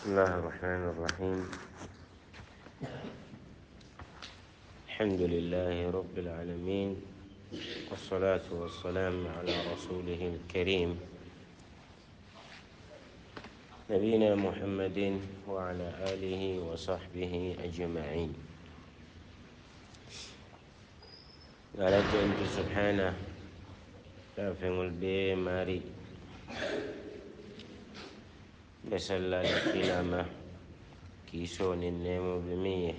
بسم الله الرحمن الرحيم الحمد لله رب العالمين والصلاة والسلام على رسوله الكريم نبينا محمد وعلى آله وصحبه أجمعين قالت أنت سبحانه لا فهم ماري pesallaaɗe finama kiisonin nemoɓe miye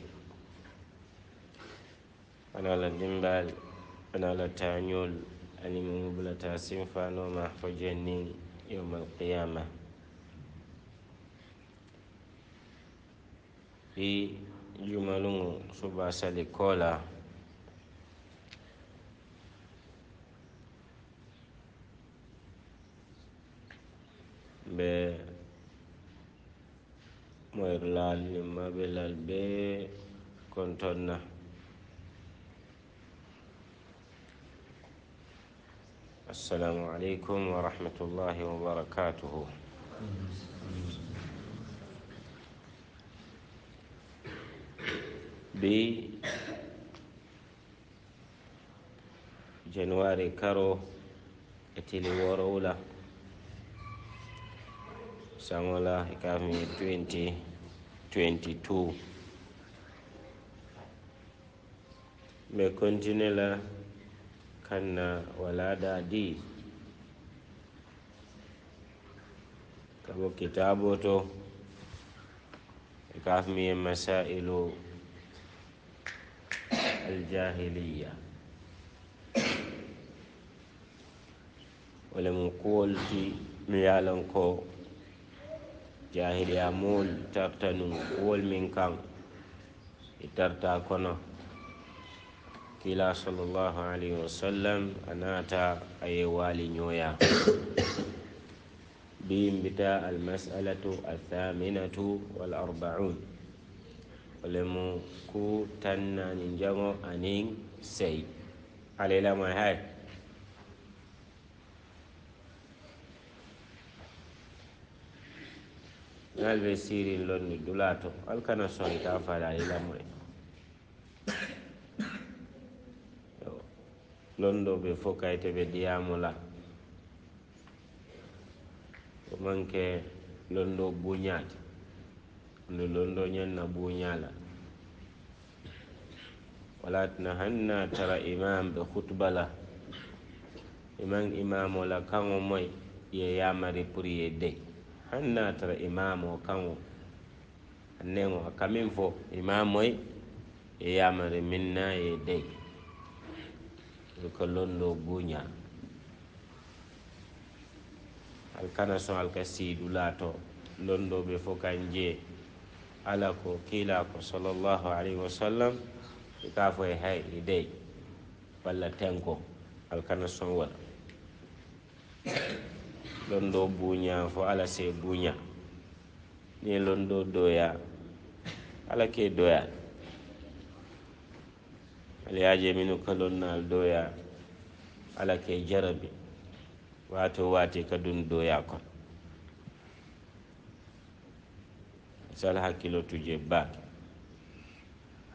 anala dimbal anala tañol animo mublata simfanoma fo jenni yowma alqiyama ɗi jumalugu suba sali koola mbe moy laal بلال بي laal السلام عليكم ورحمة الله وبركاته بي بجنواري كرو اتلي ورولا سامولا كافي 20 22. mai kontinela kanna wala dadi kabo kitabo to e kafmiye masailu aljahiliya wole mum kuwolti mi yalan ko jahiliya moolu tarta nuŋ wolu miŋ kaŋ i tarta kono kila sallallahu alaihi wasallam a naata waali ñooya biin almasalatu athaminatu walarbaun lemu ku tannanin jango aniŋ sey alaylamoy hay naalɓe sirin lonni dulato alkana sori ta fada ye lamre londo ɓe fo kayte ɓe ɗiyamola o manque londo buñade nde londo ñanna buñala walatina hanna tara imam ɓe hutbala iman imamola kano moy ye yamari prier dey han na tara imamo kanwo annemo kamin fo imamoy e yamari miŋ na ye dei ko londo bunya al kana so al ka siidu londo be fo kanje ala ko kila ko salallahu alaihi wa sallam e ka fo e hay e de balla tenko al kana so wala londo buña fo ala se buña ni londo doya ala ke doya ala yaje minu kalonnal doya ala ke jarabi wato wate ka dun doya kon sal hakkilo tuje baake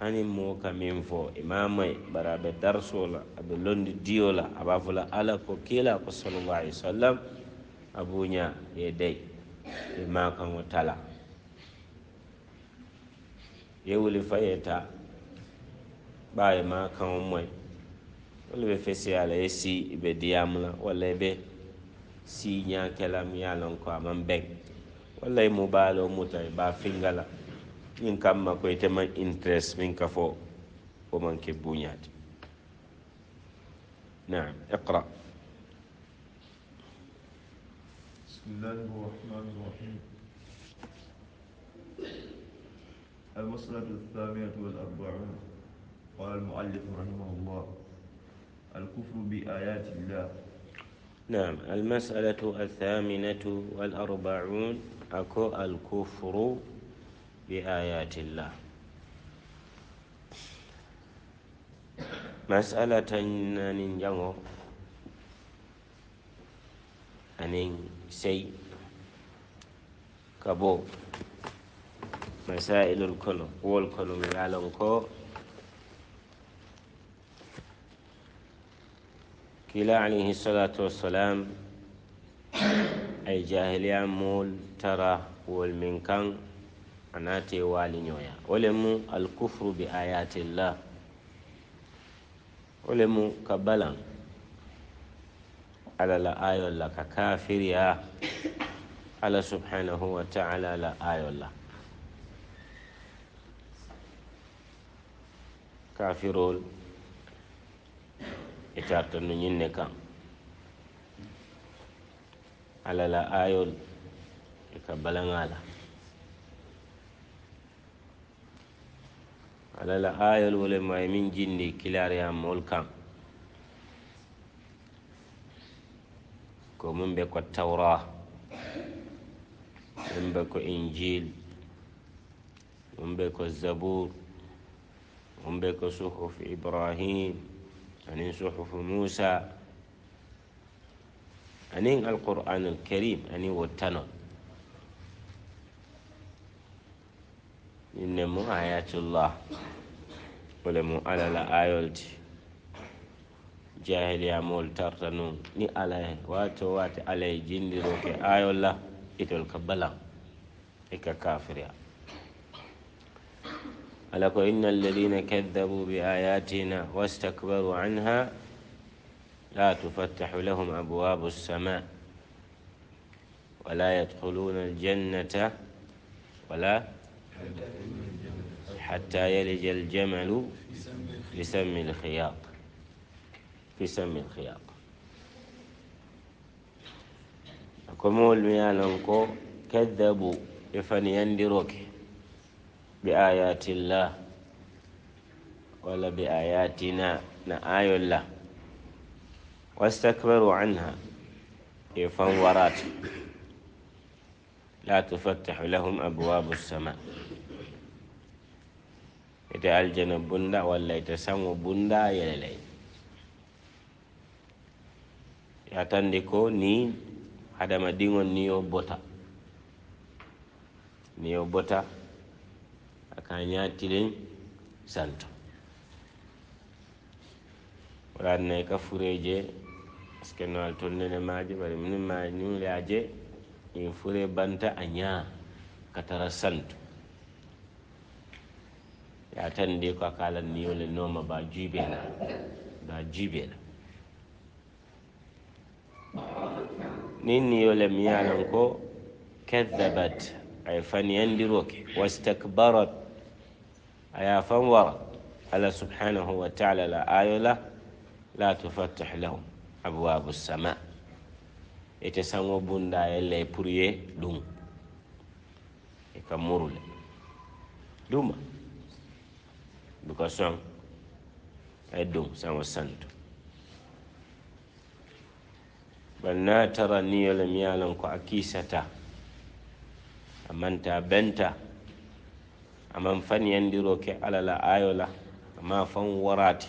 hani moo ka min fo imamay bara be darso la aɓe londi diyo la aɓa fola ala ko kiila ko sallallahu alih w sallam abuña ye dey e makaŋo tala ye wuli fayeta ɓaa ye makaŋo moy wolu ɓe fesiyala ye si ɓe diyamula walla ɓe si ñakelam ya loŋ ko aman beŋ walla ye mubaalo muta ye baa fingala ñiŋ kamma ko ite maŋ interes miŋ ka fo wo maŋ ke buñaati naam iqra' بسم الله الرحمن الرحيم المسألة الثامنة والأربعون قال المؤلف رحمه الله الكفر بآيات الله نعم المسألة الثامنة والأربعون أكو الكفر بآيات الله مسألة ننجمه أنين سي كبو مسائل الكل هو الكون من العالم كو كلا عليه الصلاة والسلام أي جاهلية مول ترى والمنكان anate wali ñoya wolemu الكفر bi ayati llah wolemu ka balan ala la ayol la ka kafiriya allah subhanahu wa taala la ayol la kafirol e tarta no ñinne kan ala la ayol e ka balaŋala ala la ayol wole ma e min jindi kilariyamol kan ko mun be ko tawra mun be ko injil mun be ko zabur mun be ko suhuf ibrahim anin suhuf musa anin alquran alkarim anin wotano inne mu ayatullah wole mu alala ayolti jahiliya mool tarta noon ni ala wato wati ala e jindiro ke ayol la itol ka balan e ka kafiriya ala ko inna alladina kadabu bi ayatina wastakbaru anha la tufattahu lahum abwabu lsama wala yadkhuluna aljannata wala حتى يلج الجمل في سم الخياط في سم الخياط كمول ميالنكو كذبوا يفنيان يندروك بآيات الله ولا بآياتنا نآي الله واستكبروا عنها يفن ورات لا تفتح لهم أبواب السماء إذا الجنب بندا ولا يتسمو بندا bunda yeleley yatande ko ni hadama ɗiŋon ni yo bota ni yo bota aka ñatilen santo waɗannay ka fureje pasque no altol nene maje bare minu ma ñuleaje in fure banta a ña ka tara santo yatande ko akalan niyole nooma ba juɓe la ba juɓe la ninniyo lem yalan ko kadabat ay faniyandiroke wastakbarat aya fanwara allah subhanahu wa taala la ayo la la tufattih lahum abwabu sama ite sango bunda e le pour ye ɗum e ka murule ɗuma duka son e ɗum sango santo bal na tara niyo le mi ye a loŋ ko a kiisata a manta benta a maŋ faniyandiro ke ala la ayo la a maŋ faŋ warati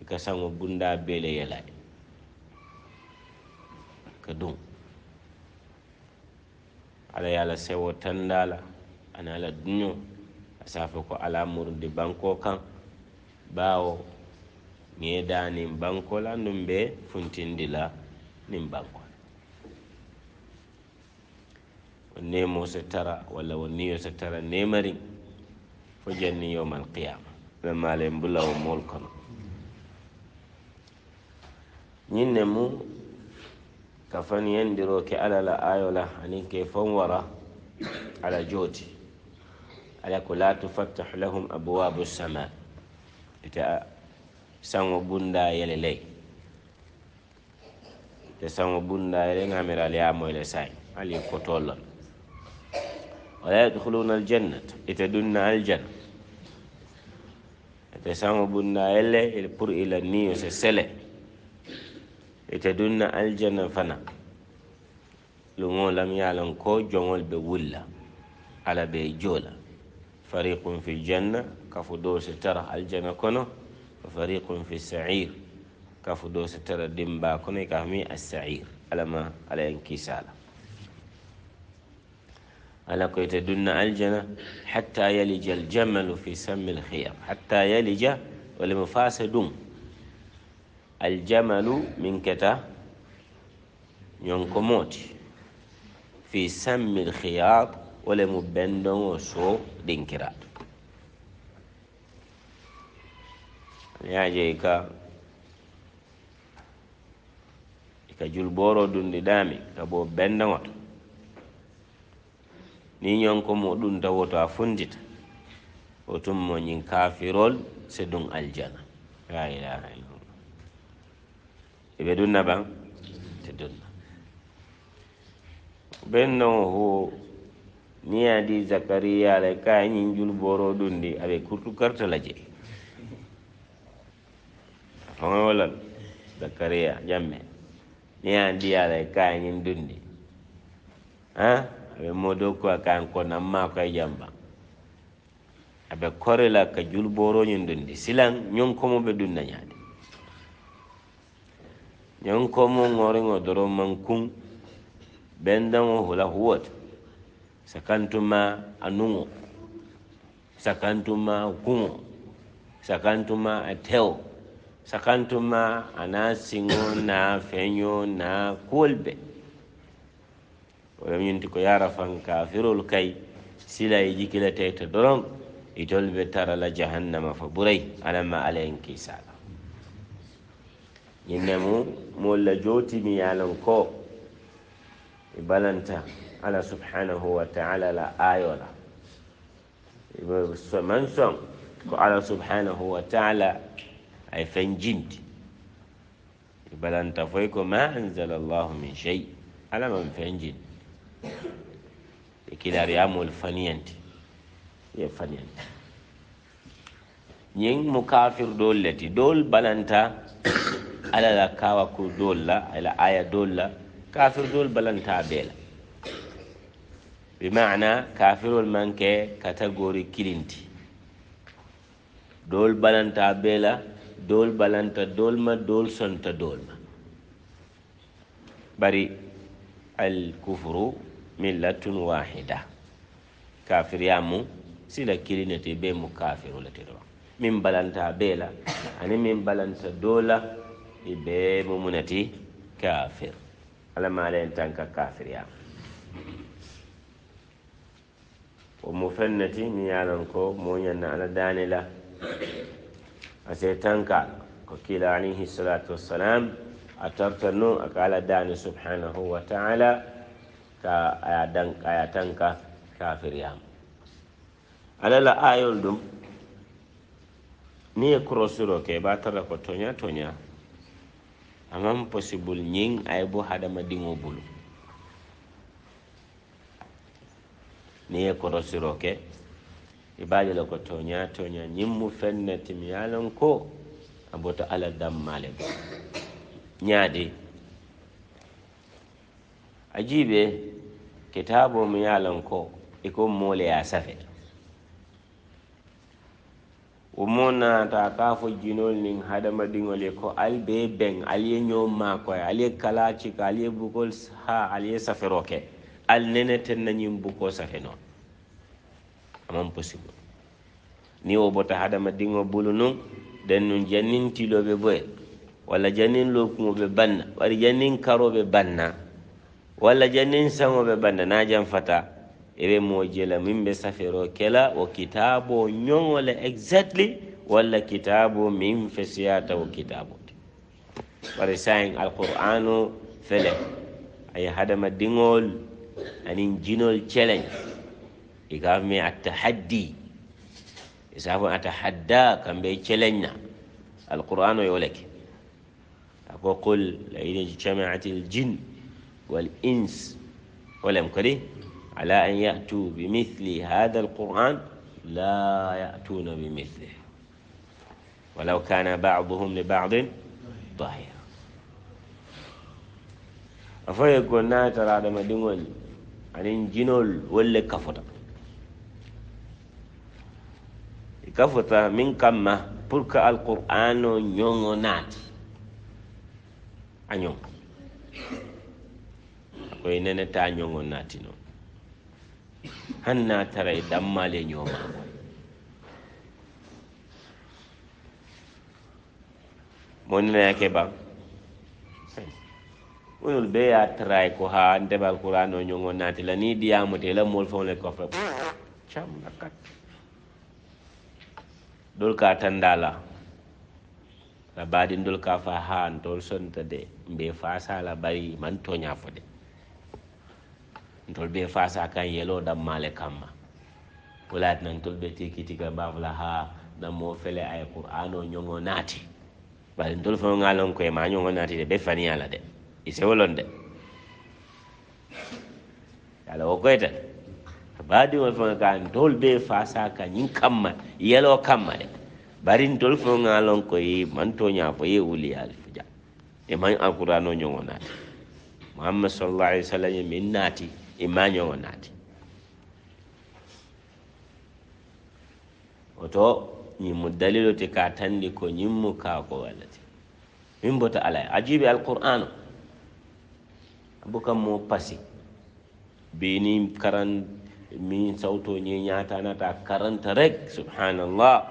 i ka saŋo bunda bee le ye la ka duŋ ala ye a la sewo tanda la ana la duño a se a fo ko ala murundi banko kaŋ baawo ŋee daaniŋ banko la nduŋ be funtindi la nin bankon wanne musa tara walla wanne yosa tara nemarin fo janni yowma alqiyama ɓe malen bulawo mool kono ni nemu kafani yandiro ke ala la ayo la anin ke fon ala joti ala ko la tufattahu lahum abwabu sama ita sango bunda yelelei te sango bunda ile ngamira ile amo ile sai ali ko kotolla wala yadkhuluna al jannata itadunna al janna te sango bunda ele il pour ila ni se sele itadunna al janna fana lu mo lam yalan ko jongol be wulla ala be jola fariqun fil janna kafu do se tara aljanna kono wa fariqun fis sa'ir كافو دوس ترى دم باكوني كامي السعير ألما على انكسالة على كويت دون الجنة حتى يلج الجمل في سم الخيام حتى يلج ولمفاسد الجمل من كتا ينكموت في سم الخياط ولمبندو بندن وسو دينكرات يا جيكا ka julɓooro dunndi ɗaami ka boo benndaŋoto ni ñonko mo ɗum tawo to a funndita o tum mo ñiŋ kafirol si ɗum aljana la ilaha illallah e ɓe ɗunna ɓan te ɗunna bennoo ho ni a di zacariya lay ka a ñiŋ julɓooro ɗunndi aɓe kurtu karta la je hoŋe wolal zacariya jamme niye ndi ala kaya nyim dundi ha abe modo ko kan ko na ma ko jamba abe kore la ka jul boro nyim dundi silan nyon ko mo be dunna nyaade nyon ko mo ngore ngodoro mankung bendango hula huwot sakantuma anungo sakantuma kuŋo sakantuma ateo sakantuma a n'a n'a fenyo n'a kolbe be wo lemu ñiŋ ti ko a rafaŋ kafirolu kayi sila ye doron teyta doroŋ be tara la jahannama fa burai alama ma alla yeŋ kiisa la ñiŋ la mi ye ko i balanta subhanahu wa taala la ayola la man son ko ala subhanahu wa taala ay fen jinti i balanta foy ko ma anzala allahu min chey alamam fen jin e kilaar yamol faniyanti ye faniyanti ñing mu kafir dool leti dool balanta ala la kawakur dool la ala aya dool la kafir dool balanta beela bimana kafirol manke catagori kilinti dool balanta beela dool balanta dool ma dool sonta dool ma bari alkufru millatun wahida kafiryamu sila kilinete ɓe mu kafirulate ɗo min balanta ɓeela ani min balanta doola i ɓe mumunati kafir alamala en tan ka kafiryamu o mu fennati mi yalon ko moñanna ala daanila a sai tanka wakila alaihi salatu wassalam a tartanno a kala dani subhanahu wa ta'ala ka aya kaya tanka kafir ya alala ayol dum ni krosiro ke ba tara ko tonya tonya amam possible nying ay bo hada dingo bulu ni krosiro ke ibaade e lo ko toña toña ñimmu fenne timi yaalon e ko aboto ala dammale ñaadi ajiibe kitaabo mi yaalon ko eko moole ya safe wo mo naata kaa fo jinol nin hadama ɗiŋol e ye ko ali bee ben ali ye ñoo maakoye ali ye kalaa cika ali ye bukol haa ali ye safero ke ali nene ten na ñiŋ bukoo safe noo aman possible ni wo bota hadama dingo bulu nun den nun jannin tiloɓe boye walla jannin lokuŋoɓe banna wari jannin karoɓe banna walla jannin saŋoɓe banna na jan fata ire mojela min be safero kela wo kitabo ñoŋole exactly walla kitabo min fesiyata wo kitabo ti bari sain alquranu fele ay hadama dingol anin jinol celeñe إقام من التحدي إسافو أتحدى كم بيتشلنا القرآن يولك أقول قل لئن اجتمعت الجن والإنس ولم كره على أن يأتوا بمثل هذا القرآن لا يأتون بمثله ولو كان بعضهم لبعض ظهيرا أفا يقول ترى على مدنول عن الجنول ولا كفر ka fota min kamma pour que alqur'ano ñoŋo naati a ñoŋ koye nene ta ñoŋo naati noon han na tara e dammale ñoomaako mo nenayake ba onol ɓe ya taray ko ha ndeɓa alqur'ano ñoŋo naati la ni diyamote la mol fewle kofe cam a katt dol ka tandala la badin dol ka fa han tol sonta de be fasa la bari man to nyafo de tol be fasa kan yelo dam male kamma pulat nan tol be te kitika bafla ha na mo fele ay qur'ano nyongo nati bari tol fo ngalon ko e ma nyongo nati de be fani ala de ise wolon de ala o koyta baadi o fga dol be fasa ka ñin kamma yelo kamma de barin dol fonga lon koy manto ñafo ye wuliyali fuja e ma alqurano ñogo naati mohammad salallah alih w sallam e min naati e ma ñogo naati oto ñimmo dalilo te ka tandi ko ñimmo ka ko wallate min mbota alaya ajibe alqur'ano abukam mo pasi beni karante min ta na ta karanta rek subhanallah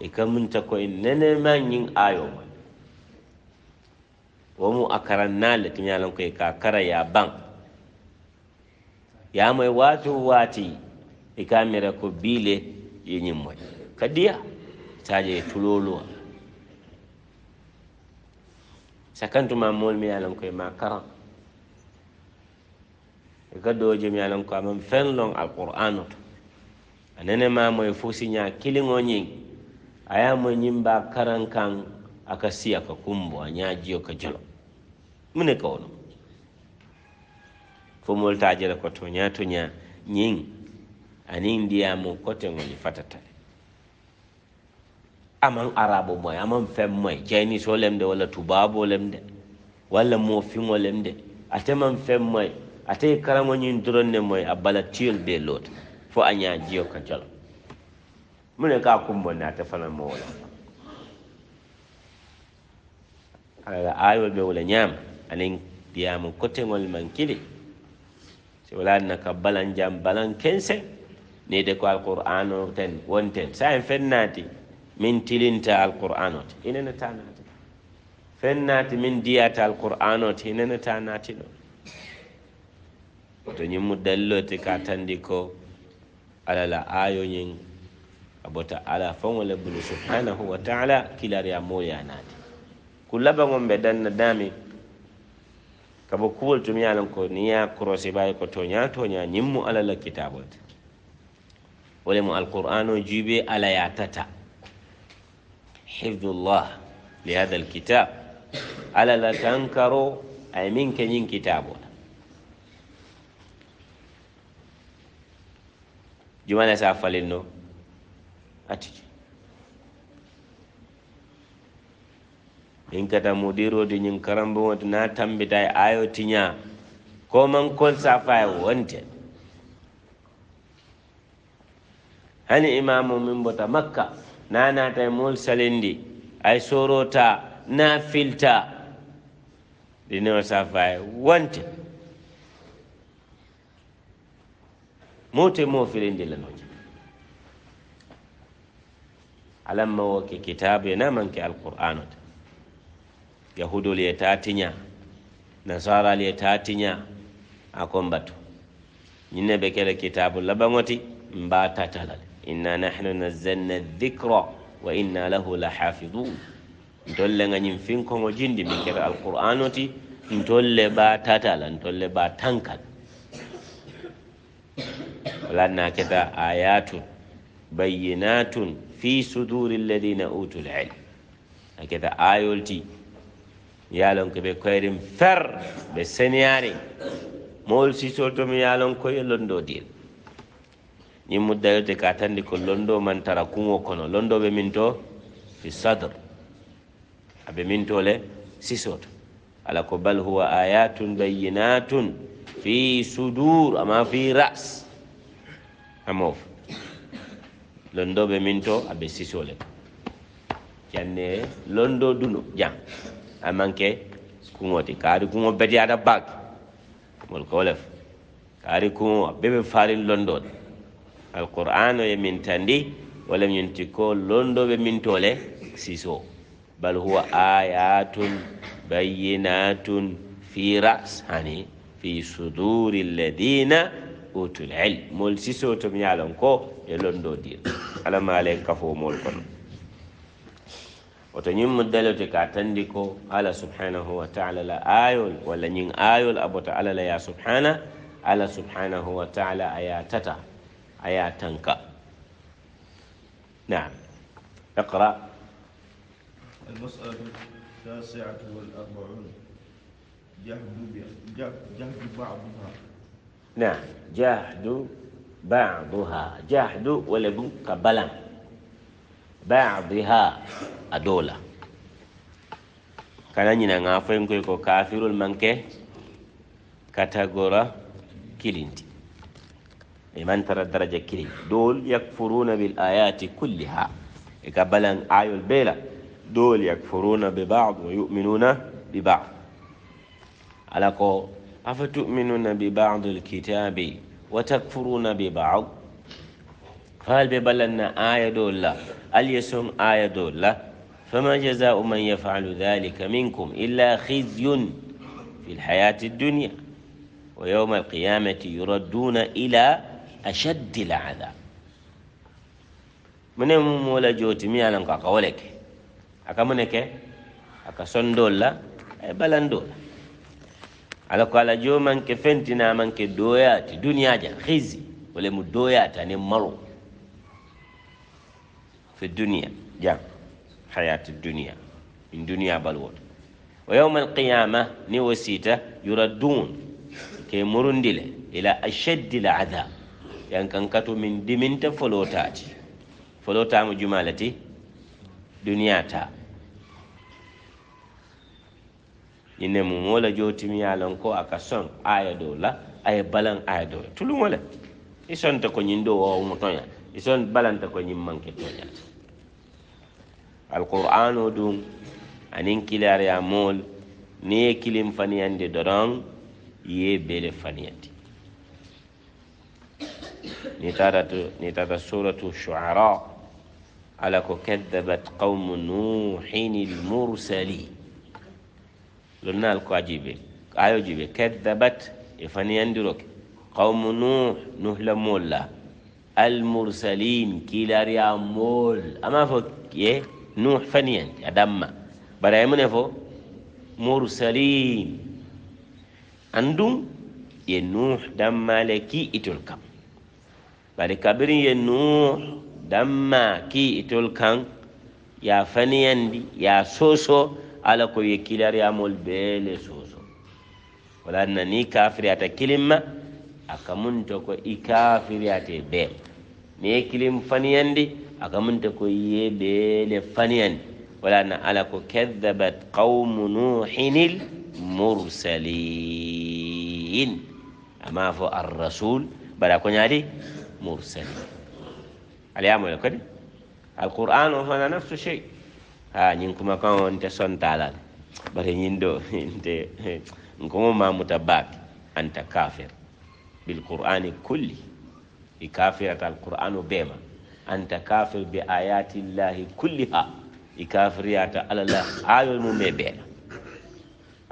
e kamunta koye nenema yin ayo wa. womu a karannale tiñalan koye ka kara ya ban ya mai wato wati e ka mere ko biile yin ñimmoy kadiya je tulolo sakantu ma mol mi yalan koye ma karan gaddooje mi alan ko amen fenlon alqur'ano to a nenemamoye fo siña kiliŋo ñiŋ a ye mo ñimba karaŋ kaŋ a ka si a ka kumbo a ñajiyo ka jolo mune ka wono fo moolu ta jela ko toña toña ñiŋ aniŋ ndiyamo koteŋo ñi fatatale amaŋ arabo moy amaŋ fen moy cainiso lem de walla tubabo lem de walla mofiŋo lem de atemaŋ fen moy a tawi karamoñin doronne moy a bala tiyol ɓe loota fo a ña jiyo ka jolo mune ka kumbonne a tefana mo wola alaa aawol ɓe wola ñaama anen mbiyama cotégol man kili si walaanna ka balan jam balan kense ni de ko alqouran o ten wonten so en fennaati min tilinta alqouran o te inene ta naati fennaati min diyata alqouran o te inene ta naati ɗoo wato yin mu daliloti ka tandi ko alala la ayoñiŋ a bota ala faŋo le ta ala wa taala moya na ta. a naati ku bai be danna dami. ka bo kuwol tum ye a loŋ ko ni ya kuro sai baayi ko tonya tonya yin mu alala la kitabo le mu alqur'ano juubee ala ya tata hifdullah li hada alkitab ala la tankaro a yi miŋ yin kitabot. jumane sa falin no ati in kata mudirode ñin karambeote na tambita e ayo tiña ko man kon sa faye wonte hani imamu min bota makka na nata e mol salendi ay sorota na filta ɗinewo sa faye wonte mote mo filin la noji alamma wo ke kitabu ye namanke ke ta ta tiña nasaral ye ta tiña a kombatu ñin nyine be kele kitabu labaŋoti mba tatala inna nahnu nazzalna dhikra wa inna lahu la hafidun nga le fin ñiŋ finkoŋo jindi min kere alqur'ano ti ntol ba tatala ntol ba tankala لأنها كذا آيات بينات في صدور الذين أوتوا العلم هكذا آيولتي يالون كبه كويرم فر بسنياري مول سيسولتم يالون كوي لندو ديل ñin muddayote ka tandi ko londo man tara kuŋo kono londo ɓe min to fi sadre aɓe min to le sisoto ala ko bal huwa ayatun bayinatun fi sudur ama fi ras amo londo be minto abe sisole kenne londo duno jan amanke kuŋo ti kaari kuŋo beteyata bag mol ko lef kaari kuŋo be be al londoo le alqur'ano ye min tandi wala min ti ko londo be min siso le bal huwa ayatun bayinatun fi rashani fi suduri ladina utul ilm mol siso to mi yalon ko e londo dir ala malen kafo mol kono oto ñin muddalote ka tandi ko ala subhanahu wa taala la ayol walla ñin ayol abota ala la ya subhana ala subhanahu wa taala aya tata aya tanka naam اقرأ المسألة التاسعة والأربعون جهد بعضها na jahdu ba'dha jahdu wala bu kabalan ba'daha adola kana nyina nga fayin koy ko kafirul manke katagora kilinti iman tara daraja kili dol yakfuruna bil ayati kulliha e kabalan ayol bela dol yakfuruna bi ba'd wa yu'minuna bi ba'd alako أفتؤمنون ببعض الكتاب وتكفرون ببعض فهل ببلنا آية دولة اليسون آية دولة فما جزاء من يفعل ذلك منكم إلا خزي في الحياة الدنيا ويوم القيامة يردون إلى أشد العذاب من مولا جوتي ميانا قولك أكا منك أكا صندولا بلندولا ala ko ala jomanke duniya doyati duniyaja hisi mu doya ta ne maro fi duniya jam hayati duniya in duniya balwoto wa yawma alqiyama ni wo siita yuraddun ke murundile ila ashaddi l adab yan kan katu min diminta folotati folotamo jumalati duniya ta ine mumo la jotimi ye a ko aka son aya do la a balan aya do tulu mola ison ta sonta ko ñin do wowmutoña ison balan ta ko ñin manke toñata alqur'an o ɗum anin kilar ya mol ne kilim fani ande doron ye bele fani faniyandi ni tata ni tata suratu shuara ala ko kadabat qawmu nuhin mursalin lonnaal ko aji ɓe ayoji ɓe kadabat e fani andiroke qawmu nuh nuhla molla almursalin kiilaari a mool ama fo e nuh faniyandi a damma bara e mune fo mursalin anndum ye nuh dammaale ki itol kam bari kabiri ye nuh damma ki itol kan ya faniyandi ya soso -so. ala ko ye kilariyamol bee le soso wala na ni kafiriyata kilin ma a ka munta ko i kafiriyate bee ni ye kilin faniyandi a ka munta ko ye bee le faniyandi wala na ala ko kadabat qaumu nuhin mursalin ama fo arrasul bara ko ñaadi mursalin aliyamole kadi alquran o fana nafsu chey ñin kuma kan nte sontalan bare ñin do nte nkomo mamuta baake anta kafir bilqurani kulli i kafirata alqur'anu beema anta kafir bi ayati llahi kulli ha i kafiryata alala ayol mum e beena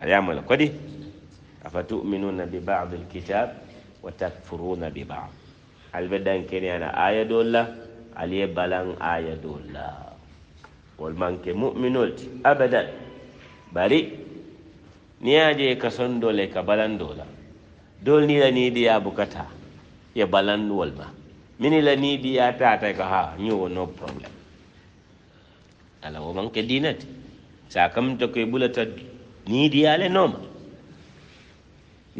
ayamala kodi afa tuminuna bi bad lkitab wa takfuruna bi bad alɓe ɗan kene ana aya dolla aliye balan aya dolla wol manke mu'minol ti abadan bari ni ya je ka son dole ka balan dola dol ni la ni di ya bukata ya balan wol ma mini la ni di ya ta ta ka ha nyu no problem ala wo manke dinati sakam to ke bulata ni di ya le noma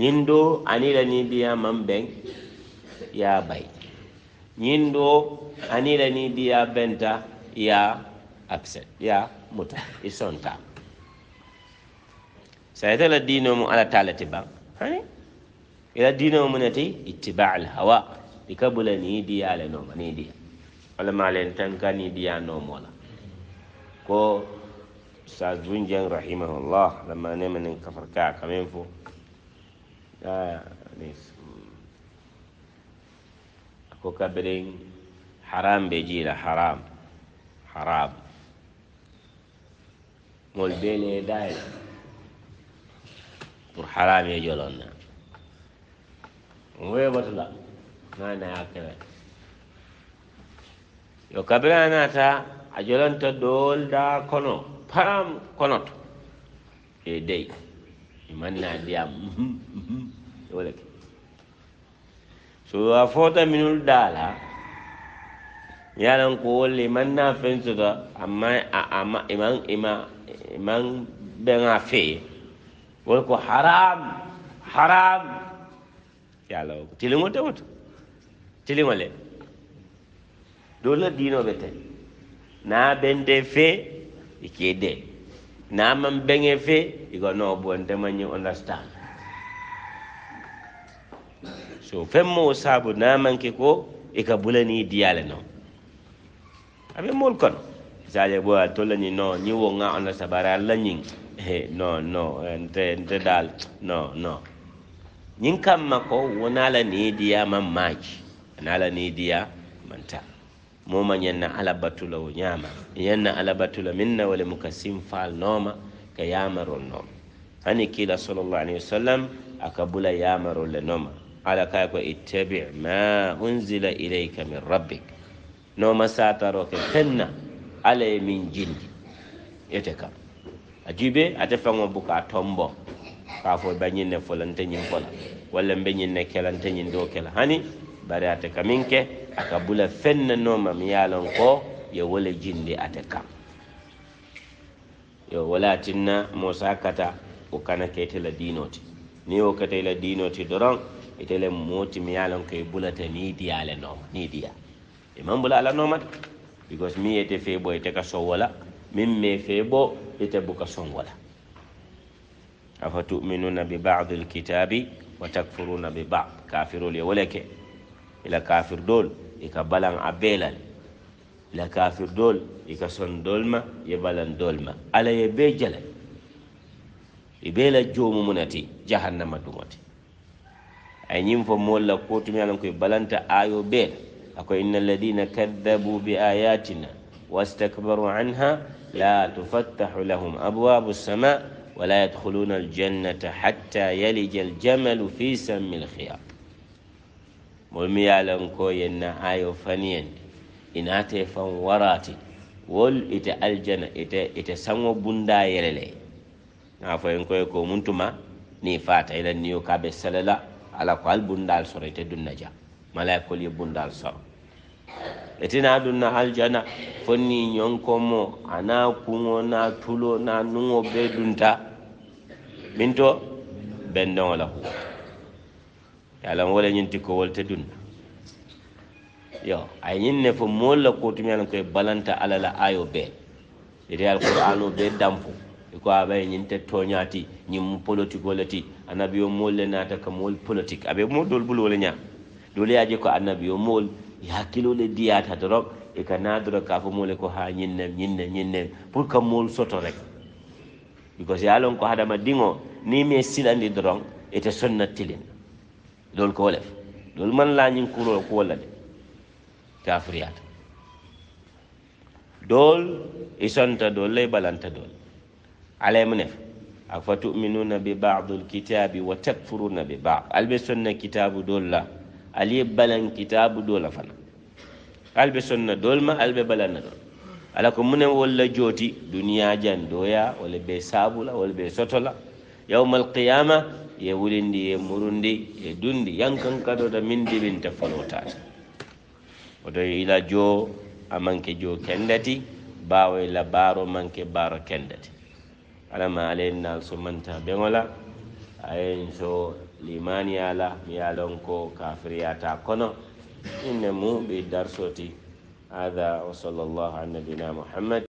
ñin do ani la ni diya man ben ya bay ñin do ani la ni diya benta ya upset ya muta isonta sayata la dino mu ala talati ba hani ila dino mu nati ittiba' al hawa ikabula ni diya le no mani diya wala malen tanka ni diya no mola ko ustaz bunjang rahimahullah lama ne men kafar ka kamen fo ko kabirin haram be jila haram haram mol beene daayle pour xaraam ye joloon na weebatu la naa naya kene yo kabiraa naata a jolonta dool daa kono param konoto e dey i e man naa diyaam e wole ke so a foota minul daala yalan ko wolle i man naa fen soto amma a ama ima e ima man ɓeŋa feye wonko haram haram yaala wo tiliŋo tewoto tiliŋo le dow la diinoɓe tani naa ɓende fe i ke de naa man ɓeŋe fe iga no bonte mañi understand so fen mo saabu naa manke ko i ka bulani diyale no aɓe mol kono sale boya tolla ni no ni wo nga ona sabara la he no no ente ente dal no no nyin kam mako wona la ni diya man maji na la ni diya manta mo man yanna ala batula wo nyama yanna ala batula minna wala mukasim fal noma ka yamaro noma ani kila sallallahu alaihi wasallam akabula yamaro le noma ala kaya ko ittabi ma unzila ilayka min rabbik noma sataro ke fenna ala ye min jindi ite kam a jibe ate feŋo buka a tombo kaa fo ba ñiŋ ne fola nte ñiŋ fola walla mbe ñiŋ ne kela nte ñiŋ doo kela hani bari ate ka miŋ ke a ka bula feŋ ne nooma mi ye a loŋ ko ye wo le jindi ate kam yo wala tinna moosa kata wo kana ke ite la ni ti niŋ wo kata i la diinoo ti doroŋ ite e le moo ti mi ye a loŋ ko i bulata niŋ i diya le nooma niŋ i diya i maŋ bula a la nooma de because mi yete feeɓo ete ka son wala min me feeɓo ete buka son wala afa tuminuna bi badi lkitabi wa takfuruna bi bad kafirol ye wole ke ila kafir dool i ka balan a beelal ila kafir dool i ka son dool ma ye balan dool ma ala ye bee jala i bee la joomu munati jahannama dumote a ñiŋ fo moolu la kootumi alan koy balanta aayo beela أكو إن الذين كذبوا بآياتنا واستكبروا عنها لا تفتح لهم أبواب السماء ولا يدخلون الجنة حتى يلج الجمل في سم الخياط مولمي يعلم كو ينا آيو فنيين إن آتي وراتي wol ite aljana ite ite sango bunda yelele na fo en muntuma ni ila niyo salala ala ko al bunda al malayikol ye bundal soro etena ɗum na aljana fonni yonko mo ana kuŋo na tulo na nuŋo be dunta min to bendoŋo la huwota yalan wole ñinti ko wolte dunna yo aye ñin ne fo mool la kootumi alan koye balanta ala la ayo bee ete alqur'ano be danfo iko aɓaye ñinte tooñaati ñin politique wo le ti anabiyo mool le naata ka mool politique aɓe mo dool bulu wole ñaa duleyaji ko annabi yo mool e hakkilole diyata drog e ka nadro ka fo moole ko ha ñinne ñinne ñinne pour que mool soto rek because yalon ko hadama ɗingo ni mi silandi drog ete sonna tilin dol ko wolef dol man lañin kuro ko wolla de kafriyata dool e sonta dool lay balanta dool alayma nef ak fa tuminuna bi baadu lkitabi wa takfuruna bi baad albe sonna kitabu dool la ali balan kitabu dola fana alɓe sonna dolma alɓe balanna ɗon ala ko mune wolla jooti duniya jan doya wala ɓe sabula wala ɓe sotola yawmal qiyama ye wulindi ye murundi ye dundi yankankaɗota min diɓinta folotata oto ila joo a manke joo kendati bawa la baro manke baro kendati alama alayinnal so manta ɓeŋola ayen so limaniya la mi ye lon ko kafiriyata kono inne mu be darsoti هذا wa sallallahu على نبينا محمد